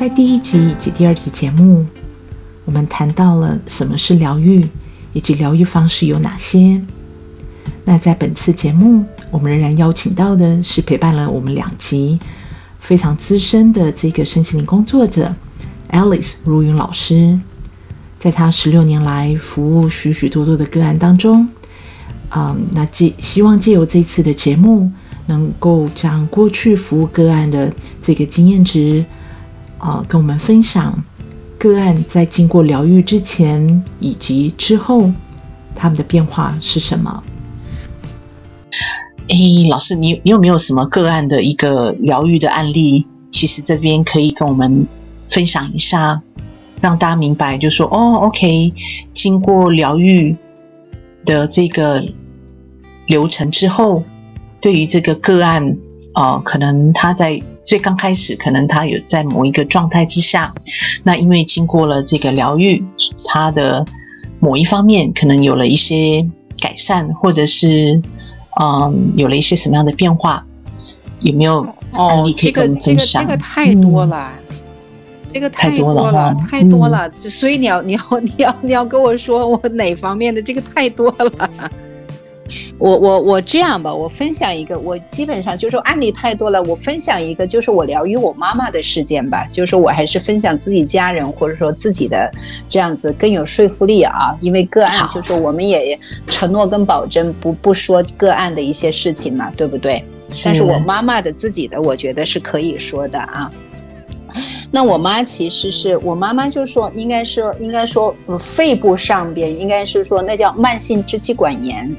在第一集以及第二集節目，我們談到了什麼是療癒。以及療癒方式有哪些？那在本次節目，我們仍然邀請到的是陪伴了我們兩集、非常資深的這個身心靈工作者 Alice 如雲老師。在她十六年來服務許許多多的個案當中，嗯、呃，那寄希望借由這次的節目，能夠將過去服務個案的這個經驗值哦、呃、跟我們分享。個案在經過療癒之前以及之後，他們的變化是什麼？欸，老師，你你有沒有什麼個案的一個療癒的案例？其實這邊可以跟我們分享一下，讓大家明白就，就說哦，OK，經過療癒的這個流程之後，對於這個個案，呃，可能他在。最剛開始，可能他有在某一個狀態之下，那因為經過了這個療癒，他的某一方面可能有了一些改善，或者是嗯，有了一些什麼樣的變化？有沒有？哦，這個這個這個太多了、嗯，這個太多了，太多了。太多了，太多了，嗯，太多了，所以你要你要你要你要跟我說我哪方面的？這個太多了。我我我這樣吧，我分享一個，我基本上就是說案例太多了，我分享一個，就是我療癒我媽媽的事件吧。就是我還是分享自己家人或者說自己的這樣子更有說服力啊，因為個案就是我們也承諾跟保證不不說個案的一些事情嘛，對不對？是但是我媽媽的自己的，我覺得是可以說的啊。那我媽其實是我媽媽就，就是說應該說應該說肺部上邊應該是說那叫慢性支氣管炎。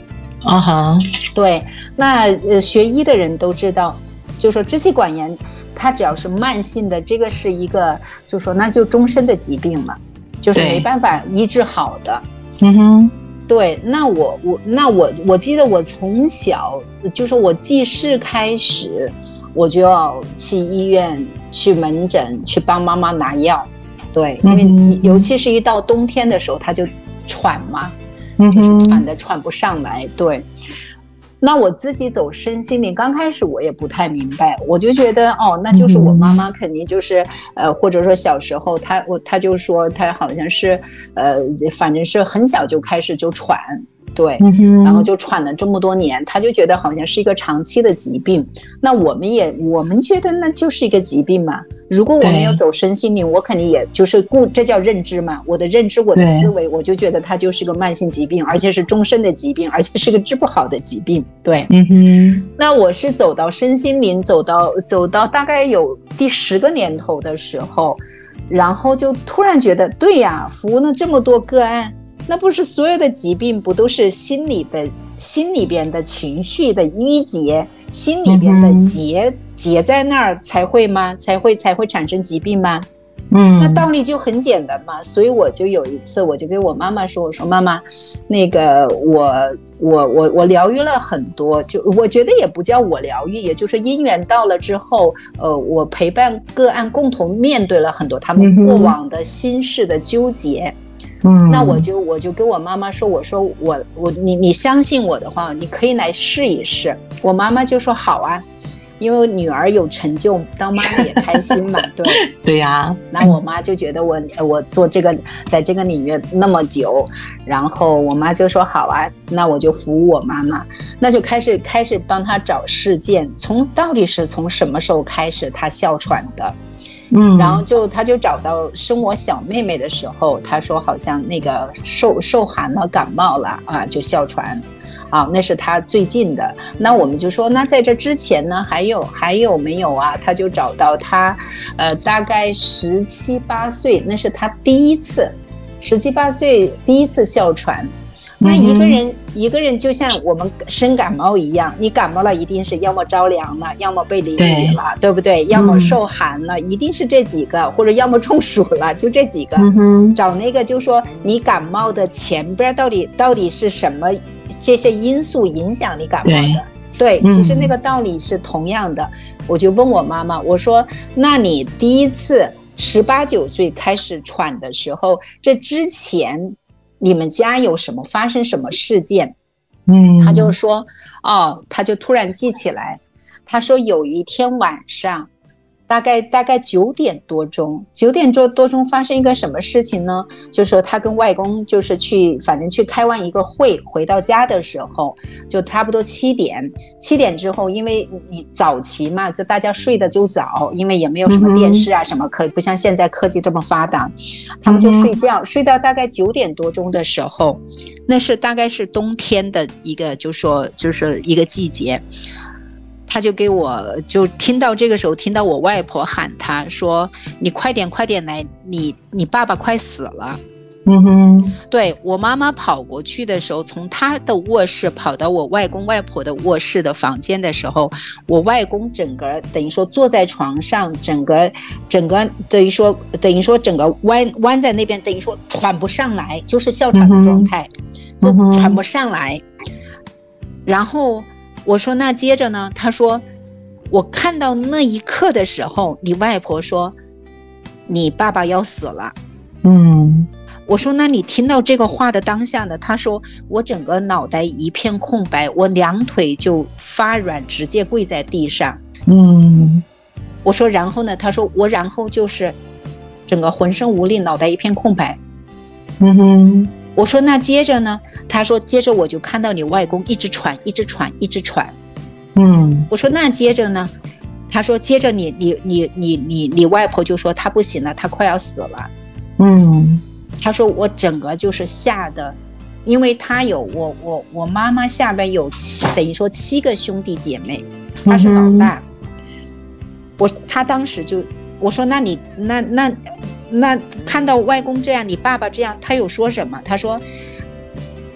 啊哈，對，那呃，學醫的人都知道，就說支氣管炎，它，只要是慢性的，這個是一個，就說那就終身的疾病了，就是沒辦法醫治好的。嗯哼，uh-huh. 對，那我我那我我記得我從小就是說我記事開始，我就要去醫院去門診去幫媽媽拿藥，對，uh-huh. 因為尤其是一到冬天的時候，他就喘嘛。就是喘得喘不上來，對。那我自己走身心靈，剛開始我也不太明白，我就覺得哦，那就是我媽媽肯定就是呃，或者說小時候她我她就說她好像是呃，反正是很小就開始就喘。對，然後就喘了這麼多年，他就覺得好像是一個長期的疾病。那我們也我們覺得那就是一個疾病嘛。如果我沒有走身心靈，我肯定也就是固，這叫認知嘛，我的認知，我的思維，我就覺得它就是個慢性疾病，而且是終身的疾病，而且是個治不好的疾病。對，嗯哼。那我是走到身心靈，走到走到大概有第十個年頭的時候，然後就突然覺得，對呀，服務了這麼多個案。那不是所有的疾病，不都是心裡的、心裡邊的情緒的鬱結，心裡邊的結結在那兒才會嗎？才會才會產生疾病嗎？嗯，那道理就很簡單嘛。所以我就有一次，我就跟我媽媽說：“我說媽媽，那個我我我我療癒了很多，就我覺得也不叫我療癒，也就是因緣到了之後，呃，我陪伴個案共同面對了很多他們過往的心事的糾結。嗯”嗯，那我就我就跟我媽媽說，我說我我你你相信我的話，你可以來試一試。我媽媽就說好啊，因為女兒有成就，當媽媽也開心嘛。對 對呀，那我媽就覺得我我做這個在這個領域那麼久，然後我媽就說好啊，那我就服務我媽媽，那就開始開始幫她找事件，從到底是從什麼時候開始她哮喘的。嗯，然後就他就找到生我小妹妹的時候，他說好像那個受受寒了，感冒了啊，就哮喘，啊，那是他最近的。那我們就說，那在這之前呢，還有還有沒有啊？他就找到他，呃，大概十七八歲，那是他第一次，十七八歲第一次哮喘。那一個人，嗯，一個人就像我們生感冒一樣，你感冒了，一定是要麼着涼了，要麼被淋雨了對，對不對？要麼受寒了，嗯，一定是這幾個，或者要麼中暑了，就這幾個。嗯、找那個，就說你感冒的前邊到底到底是什麼這些因素影響你感冒的？對，對、嗯，其實那個道理是同樣的。我就問我媽媽，我說：“那你第一次十八九歲開始喘的時候，這之前？”你們家有什麼發生什麼事件？嗯，他就說，哦，他就突然記起來，他說有一天晚上。大概大概九點多鐘，九點多多鐘發生一個什麼事情呢？就是、說他跟外公就是去，反正去開完一個會，回到家的時候就差不多七點。七點之後，因為你早起嘛，就大家睡得就早，因為也沒有什麼電視啊什麼，可、mm -hmm. 不像現在科技這麼發達，他們就睡覺，mm -hmm. 睡到大概九點多鐘的時候，那是大概是冬天的一個，就是、說就是一個季節。他就給我就聽到這個時候，聽到我外婆喊他說：“你快點快點來，你你爸爸快死了。”嗯哼，對，我媽媽跑過去的時候，從他的臥室跑到我外公外婆的臥室的房間的時候，我外公整個等於說坐在床上，整個整個等於說等於說整個彎彎在那邊，等於說喘不上來，就是哮喘的狀態、嗯，就喘不上來，然後。我說那接着呢？他說，我看到那一刻的時候，你外婆說，你爸爸要死了。嗯，我說那你聽到這個話的當下呢？他說我整個腦袋一片空白，我兩腿就發軟，直接跪在地上。嗯，我說然後呢？他說我然後就是整個渾身無力，腦袋一片空白。嗯哼。我說那接着呢？他說接着我就看到你外公一直喘，一直喘，一直喘。嗯，我說那接着呢？他說接着你你你你你你外婆就說他不行了，他快要死了。嗯，他說我整個就是嚇得，因為他有我我我媽媽下邊有七等於說七個兄弟姐妹，她是老大。嗯嗯我他當時就我說那你那那。那那看到外公這樣，你爸爸這樣，他有說什麼？他說：“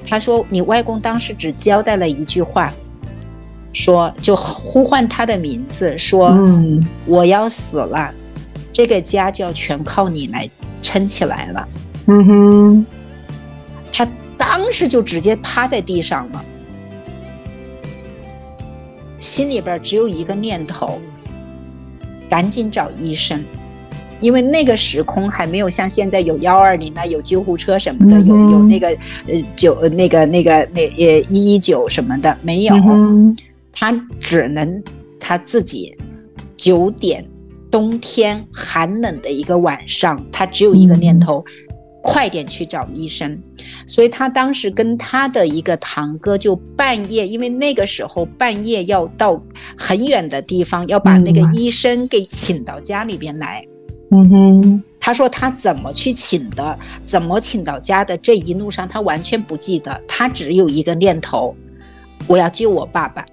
他說你外公當時只交代了一句話，說就呼喚他的名字，說、嗯、我要死了，這個家就要全靠你來撐起來了。”嗯哼，他當時就直接趴在地上了，心裡邊只有一個念頭：趕緊找醫生。因為那個時空還沒有像現在有幺二零啊，有救護車什麼的，嗯、有有那個呃九那個那個那呃一一九什麼的沒有、嗯，他只能他自己九點冬天寒冷的一個晚上，他只有一個念頭、嗯，快點去找醫生，所以他當時跟他的一個堂哥就半夜，因為那個時候半夜要到很遠的地方，要把那個醫生給請到家裡邊來。嗯嗯哼，他說他怎麼去請的，怎麼請到家的？這一路上他完全不記得，他只有一個念頭：我要救我爸爸。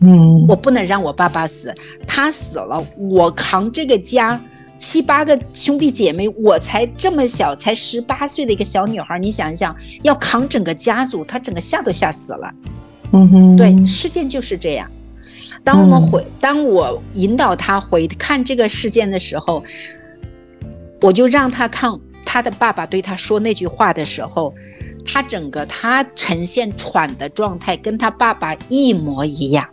嗯，我不能讓我爸爸死，他死了，我扛這個家，七八個兄弟姐妹，我才這麼小，才十八歲的一個小女孩，你想一想，要扛整個家族，他整個嚇都嚇死了。嗯哼，對，事件就是這樣。當我們回，嗯、當我引導他回看這個事件的時候。我就讓他看他的爸爸對他說那句話的時候，他整個他呈現喘的狀態，跟他爸爸一模一樣，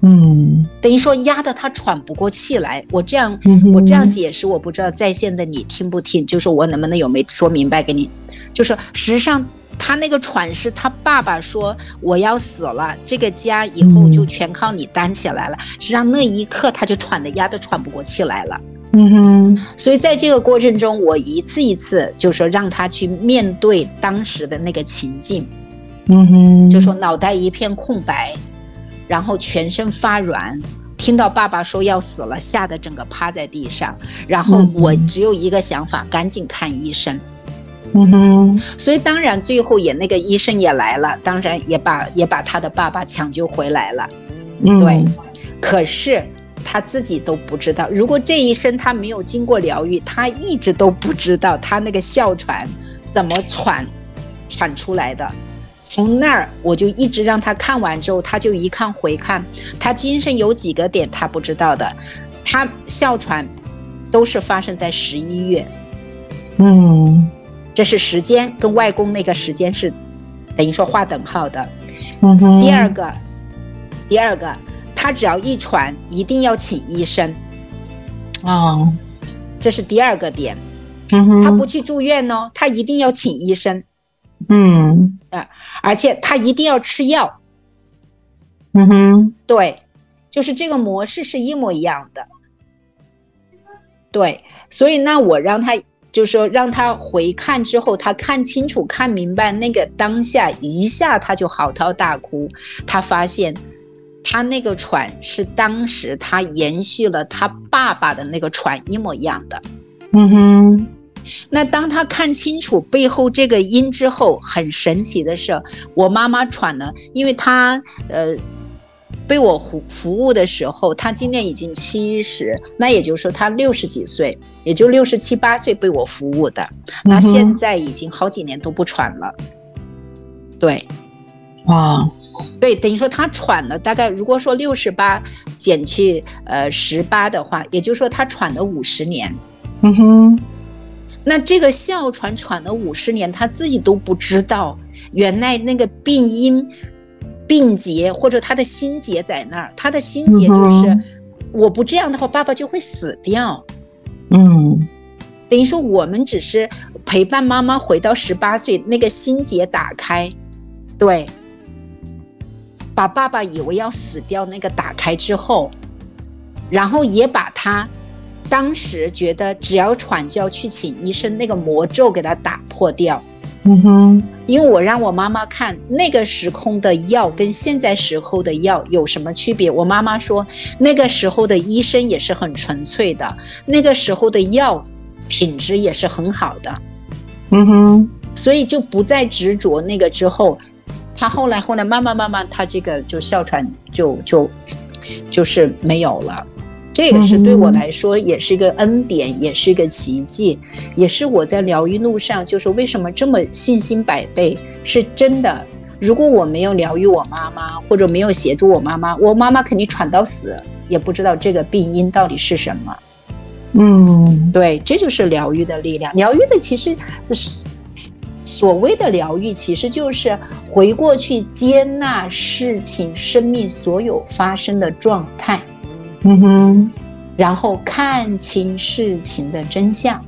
嗯，等於說壓得他喘不過氣來。我這樣、嗯、我這樣解釋，我不知道在線的你聽不聽？就是我能不能有沒說明白給你？就是實際上他那個喘是他爸爸說我要死了，這個家以後就全靠你擔起來了。嗯、實際上那一刻他就喘得壓得喘不過氣來了。嗯哼，所以在這個過程中，我一次一次就說讓他去面對當時的那個情境，嗯哼，就說腦袋一片空白，然後全身發軟，聽到爸爸說要死了，嚇得整個趴在地上，然後我只有一個想法，mm -hmm. 趕緊看醫生，嗯哼，所以當然最後也那個醫生也來了，當然也把也把他的爸爸搶救回來了，嗯、mm -hmm.，對，可是。他自己都不知道，如果這一生他沒有經過療癒，他一直都不知道他那個哮喘怎麼喘，喘出來的。從那兒我就一直讓他看完之後，他就一看回看，他今生有幾個點他不知道的，他哮喘都是發生在十一月，嗯，這是時間跟外公那個時間是等於說畫等號的。嗯哼。第二個，第二個。他只要一喘，一定要請醫生，哦，這是第二個點。嗯哼，他不去住院呢，哦，他一定要請醫生。嗯，啊，而且他一定要吃藥。嗯哼，對，就是這個模式是一模一樣的。對，所以那我讓他，就是說讓他回看之後，他看清楚、看明白那個當下，一下他就嚎啕大哭，他發現。他那個喘是當時他延續了他爸爸的那個喘，一模一樣的，嗯哼。那當他看清楚背後這個音之後，很神奇的是，我媽媽喘了，因為她呃被我服服務的時候，她今年已經七十，那也就是說她六十幾歲，也就六十七八歲被我服務的，嗯、那現在已經好幾年都不喘了。對，哇。對，等於說他喘了大概，如果說六十八減去呃十八的話，也就是說他喘了五十年。嗯哼。那這個哮喘喘了五十年，他自己都不知道，原來那個病因、病結或者他的心結在哪兒。他的心結就是，我不這樣的話，爸爸就會死掉。嗯。等於說我們只是陪伴媽媽回到十八歲，那個心結打開。對。把爸爸以為要死掉那個打開之後，然後也把他當時覺得只要喘就要去請醫生那個魔咒給他打破掉。嗯哼，因為我讓我媽媽看那個時空的藥跟現在時空的藥有什麼區別？我媽媽說那個時候的醫生也是很純粹的，那個時候的藥品質也是很好的。嗯哼，所以就不再執着那個之後。他後來，後來慢慢慢慢，他這個就哮喘就就，就是沒有了，這個是對我來說也是一個恩典，也是一個奇蹟，也是我在療癒路上，就是為什麼這麼信心百倍，是真的。如果我沒有療癒我媽媽，或者沒有協助我媽媽，我媽媽肯定喘到死，也不知道這個病因到底是什麼。嗯，對，這就是療癒的力量。療癒的其實是。所謂的療癒，其實就是回過去接納事情、生命所有發生的狀態。嗯哼，然後看清事情的真相，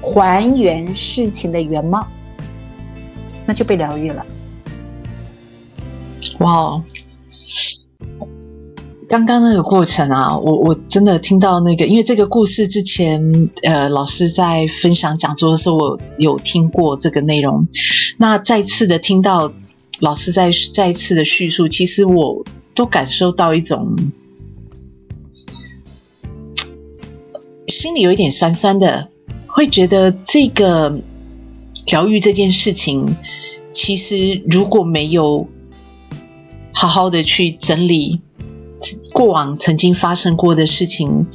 還原事情的原貌，那就被療癒了。哇哦！剛剛那個過程啊，我我真的聽到那個，因為這個故事之前，呃，老師在分享講座的時候，我有聽過這個內容。那再次的聽到老師在再，再次的敘述，其實我都感受到一種心裡有一點酸酸的，會覺得這個療癒這件事情，其實如果沒有好好的去整理。過往曾經發生過的事情，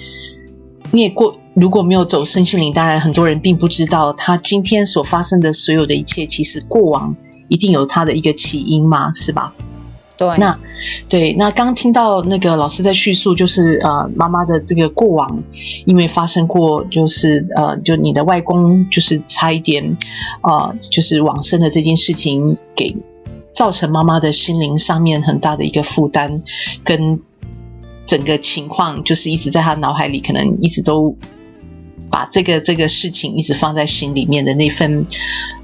你也過，如果沒有走身心靈，當然很多人並不知道他今天所發生的所有的一切，其實過往一定有他的一個起因嘛，是吧？對，那對，那剛聽到那個老師在敘述，就是呃，媽媽的這個過往，因為發生過，就是呃，就你的外公就是差一點，呃，就是往生的這件事情給，給造成媽媽的心靈上面很大的一個負擔，跟整個情況就是一直在他腦海裡，可能一直都把這個這個事情一直放在心裡面的那份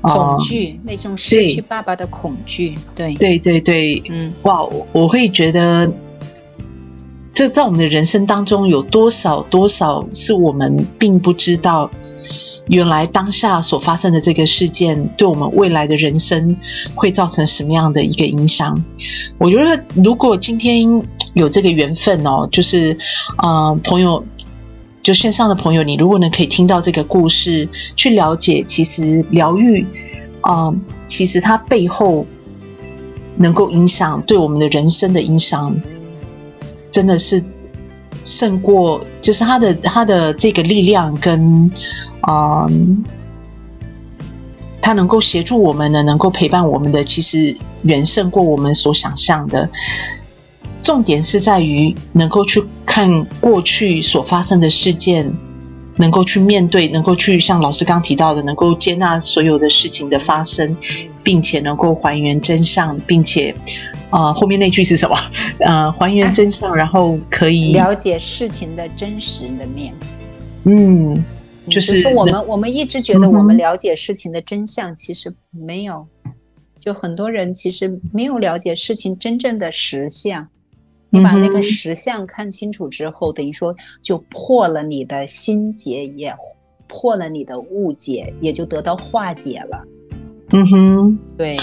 恐懼、呃，那種失去爸爸的恐懼，對對對對，對，嗯，哇我，我會覺得，這在我們的人生當中有多少多少是我們並不知道，原來當下所發生的這個事件，對我們未來的人生會造成什麼樣的一個影響？我覺得，如果今天。有這個緣分哦，就是，嗯、呃，朋友，就線上的朋友，你如果能可以聽到這個故事，去了解，其實療癒，嗯、呃，其實它背後能夠影響對我們的人生的影響，真的是勝過，就是他的他的這個力量跟，嗯、呃，他能夠協助我們呢，能夠陪伴我們的，其實遠勝過我們所想象的。重點是在於能夠去看過去所發生的事件，能夠去面對，能夠去像老師剛剛提到的，能夠接納所有的事情的發生，並且能夠還原真相，並且，啊，後面那句是什麼？呃，還原真相，然後可以了解事情的真實的面。嗯，就是、就是、我們我們一直覺得我們了解事情的真相，其實沒有，就很多人其實沒有了解事情真正的實相。你把那個實相看清楚之後，嗯、等於說就破了你的心結，也破了你的誤解，也就得到化解了。嗯哼，對。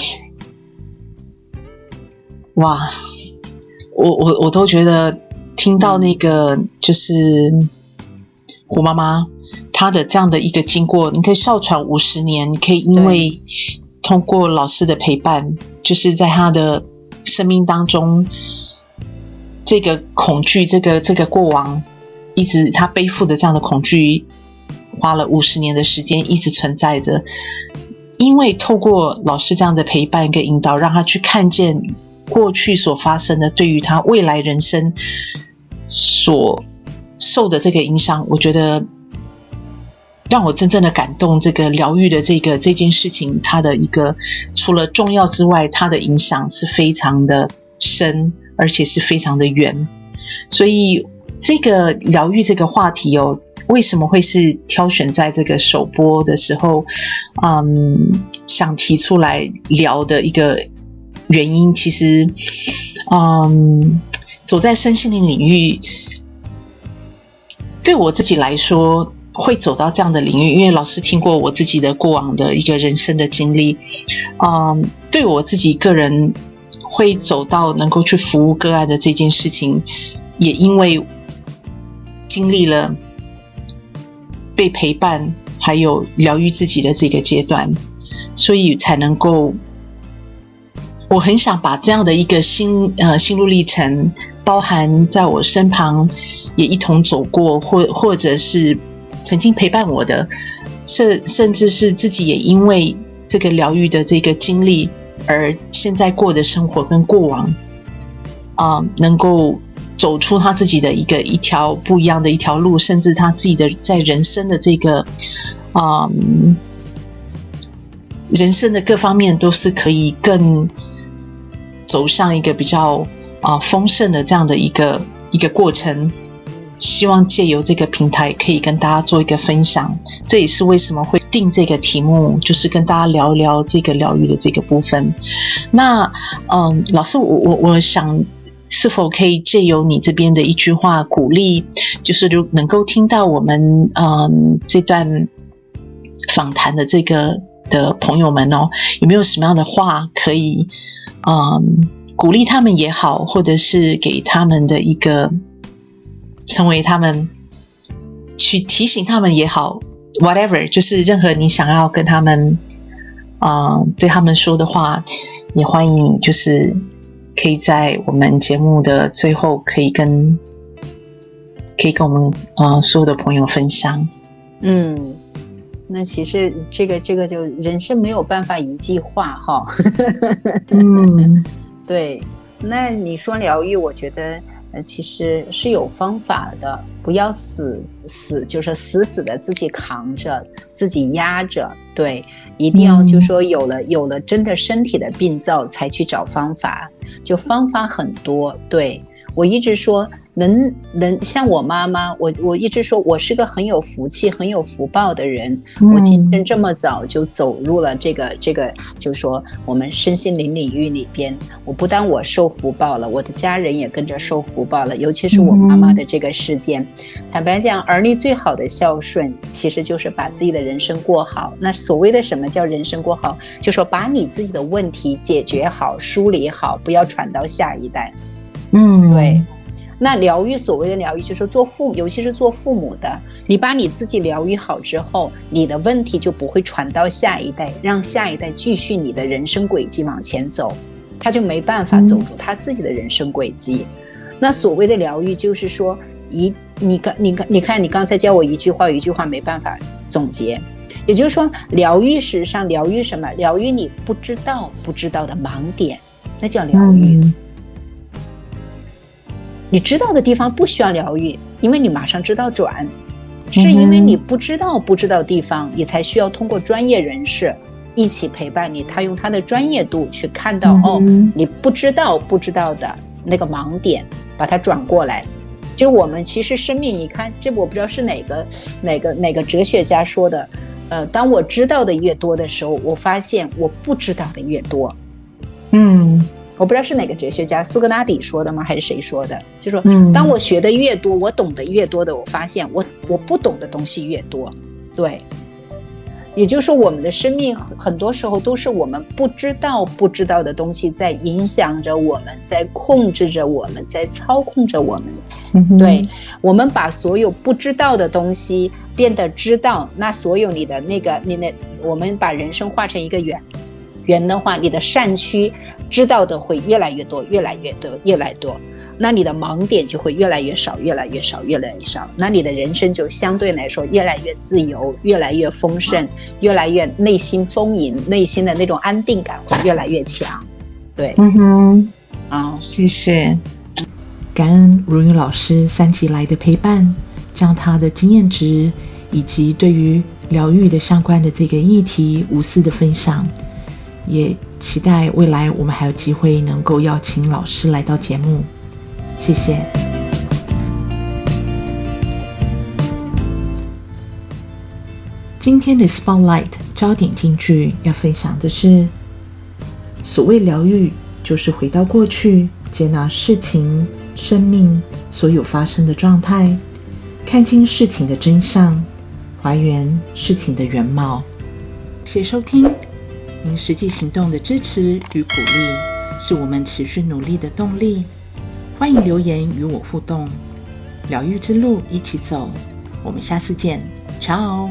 哇，我我我都覺得聽到那個就是胡媽媽她的這樣的一個經過，你可以哮喘五十年，你可以因為通過老師的陪伴，就是在她的生命當中。這個恐懼，這個這個過往，一直他背負着這樣的恐懼，花了五十年的時間一直存在着。因為透過老師這樣的陪伴跟引導，讓他去看見過去所發生的，對於他未來人生所受的這個影響，我覺得讓我真正的感動。這個療癒的這個這件事情，它的一個除了重要之外，它的影響是非常的，深，而且是非常的遠，所以這個療癒這個話題哦，為什麼會是挑選在這個首播的時候？嗯，想提出來聊的一個原因，其實，嗯，走在身心靈領域，對我自己來說，會走到這樣的領域，因為老師聽過我自己的過往的一個人生的經歷，嗯，對我自己個人。會走到能夠去服務個案的這件事情，也因為經歷了被陪伴，還有療癒自己的這個階段，所以才能夠，我很想把這樣的一個心呃心路歷程，包含在我身旁也一同走過，或或者是曾經陪伴我的，甚甚至是自己也因為這個療癒的這個經歷。而現在過的生活跟過往，啊、呃，能夠走出他自己的一個一條不一樣的一條路，甚至他自己的在人生的這個啊、呃，人生的各方面都是可以更走上一個比較啊、呃，豐盛的這樣的一個一個過程。希望借由這個平台可以跟大家做一個分享，這也是為什麼會定這個題目，就是跟大家聊一聊這個療癒的這個部分。那嗯，老師，我我我想是否可以借由你這邊的一句話鼓勵，就是如能夠聽到我們嗯這段訪談的這個的朋友們哦，有沒有什麼樣的話可以嗯鼓勵他們也好，或者是給他們的一個。成為他們去提醒他們也好，whatever，就是任何你想要跟他們啊、呃、對他們說的話，也歡迎，就是可以在我們節目的最後可以跟可以跟我們啊、呃、所有的朋友分享。嗯，那其實這個這個就人生沒有辦法一句話哈。 嗯， 對。那你說療癒，我覺得。呃，其實是有方法的，不要死死，就是死死的自己扛着，自己壓着，對，一定要就說有了、嗯、有了真的身體的病灶，才去找方法，就方法很多，對，我一直說。能能像我媽媽，我我一直說我是個很有福氣、很有福報的人。嗯、我今天這麼早就走入了這個這個，就是說我們身心靈領域裡邊，我不但我受福報了，我的家人也跟着受福報了。尤其是我媽媽的這個事件、嗯，坦白講，兒女最好的孝順其實就是把自己的人生過好。那所謂的什麼叫人生過好，就是、說把你自己的問題解決好、梳理好，不要傳到下一代。嗯，對。那療癒，所謂的療癒，就是說做父母，尤其是做父母的，你把你自己療癒好之後，你的問題就不會傳到下一代，讓下一代繼續你的人生軌跡往前走，他就沒辦法走出他自己的人生軌跡。嗯、那所謂的療癒，就是說一你剛你剛你，你看你剛才教我一句話，一句話沒辦法總結，也就是說療癒事實上療癒什麼？療癒你不知道不知道的盲點，那叫療癒。嗯你知道的地方不需要療癒，因為你馬上知道轉。嗯，是因為你不知道不知道地方，你才需要通過專業人士一起陪伴你，他用他的專業度去看到哦，嗯 Oh, 你不知道不知道的那個盲點，把它轉過來。就我們其實生命，你看這我不知道是哪個哪個哪個哲學家說的，呃，當我知道的越多的時候，我發現我不知道的越多。嗯。我不知道是哪個哲學家蘇格拉底說的嗎？還是誰說的？就說，嗯，當我學的越多，我懂得越多的，我發現我我不懂的東西越多。對，也就是說，我們的生命很多時候都是我們不知道不知道的東西在影響着我們，在控制着我們，在操控着我們。對，我們把所有不知道的東西變得知道，那所有你的那個，你那我們把人生畫成一個圓，圓的話，你的善區。知道的會越來越多，越來越多，越來越多，那你的盲點就會越來越少，越來越少，越來越少。那你的人生就相對來說越來越自由，越來越豐盛，越來越內心豐盈，內心的那種安定感會越來越強。對，嗯哼，好、哦，謝謝，感恩如雲老師三集來的陪伴，將他的經驗值以及對於療癒的相關的這個議題無私的分享，也。期待未來我們還有機會能夠邀請老師來到節目，謝謝。今天的 Spotlight 焦點金句要分享的是：所謂療癒，就是回到過去，接納事情、生命所有發生的狀態，看清事情的真相，還原事情的原貌。謝謝收聽。實際行動的支持與鼓勵，是我們持續努力的動力。歡迎留言與我互動，療癒之路一起走。我們下次見，Ciao。